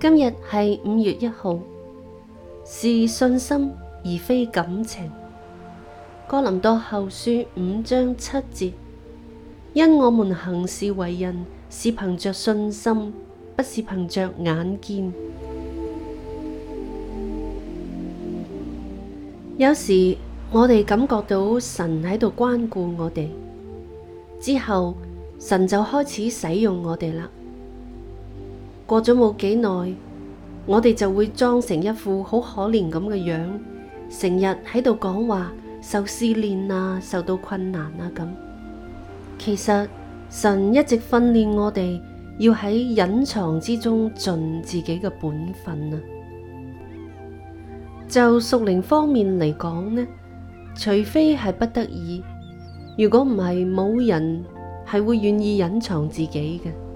今日係五月一號，是信心而非感情。哥林多後書五章七節，因我們行事為人，是憑着信心，不是憑着眼見。有時我哋感覺到神喺度關顧我哋，之後神就開始使用我哋啦。過咗冇幾耐，我哋就會裝成一副好可憐咁嘅樣子，成日喺度講話受試煉啊，受到困難啊咁。其實神一直訓練我哋要喺隱藏之中盡自己嘅本分啊。就屬靈方面嚟講呢，除非係不得已，如果唔係，冇人係會願意隱藏自己嘅。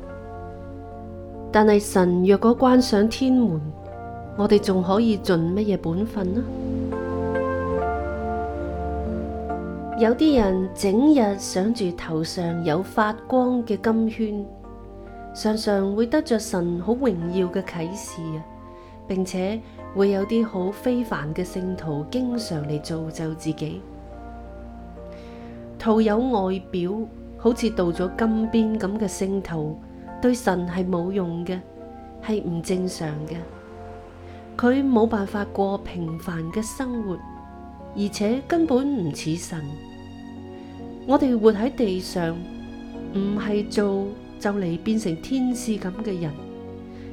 但係神若果關上天門，我哋仲可以盡乜嘢本分呢？ 有啲人整日想住頭上有發光嘅金圈，常常會得着神好榮耀嘅啟示啊，並且會有啲好非凡嘅聖徒經常嚟造就自己，徒有外表好似到咗金邊咁嘅聖徒。對神係冇用嘅，係唔正常嘅。佢冇辦法過平凡嘅生活，而且根本唔似神。我哋活喺地上，唔係做就嚟變成天使咁嘅人，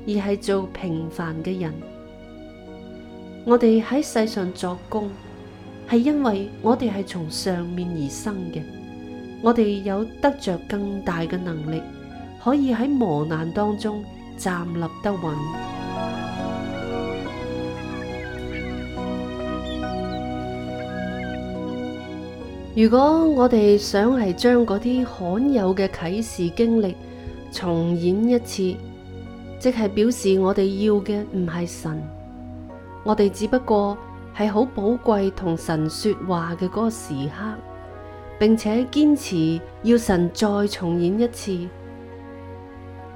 而係做平凡嘅人。我哋喺世上作工，係因為我哋係從上面而生嘅，我哋有得着更大嘅能力。可以喺磨難當中站立得穩。如果我哋想係將嗰啲罕有嘅啟示經歷重演一次，即係表示我哋要嘅唔係神，我哋只不過係好寶貴同神說話嘅嗰個時刻，並且堅持要神再重演一次。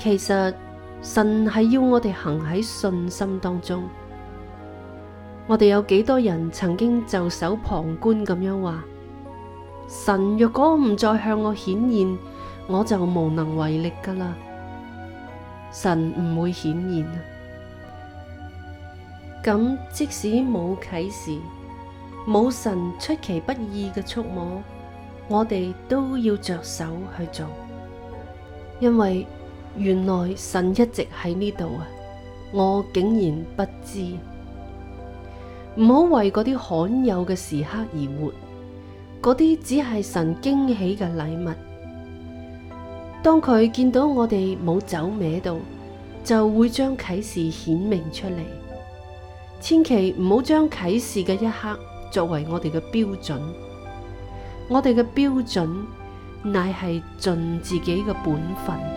其實神係要我哋行喺信心當中，我哋有幾多人曾經袖手旁觀咁樣話：神若果唔再向我顯現，我就無能為力噶啦。神唔會顯現啊！咁即使冇啟示、冇神出其不意嘅觸摸，我哋都要着手去做，因為。原來神一直喺呢度啊！我竟然不知，唔好為嗰啲罕有嘅時刻而活，嗰啲只係神驚喜嘅禮物。當佢見到我哋冇走歪道，就會將啟示顯明出嚟。千祈唔好將啟示嘅一刻作為我哋嘅標準，我哋嘅標準乃係盡自己嘅本分。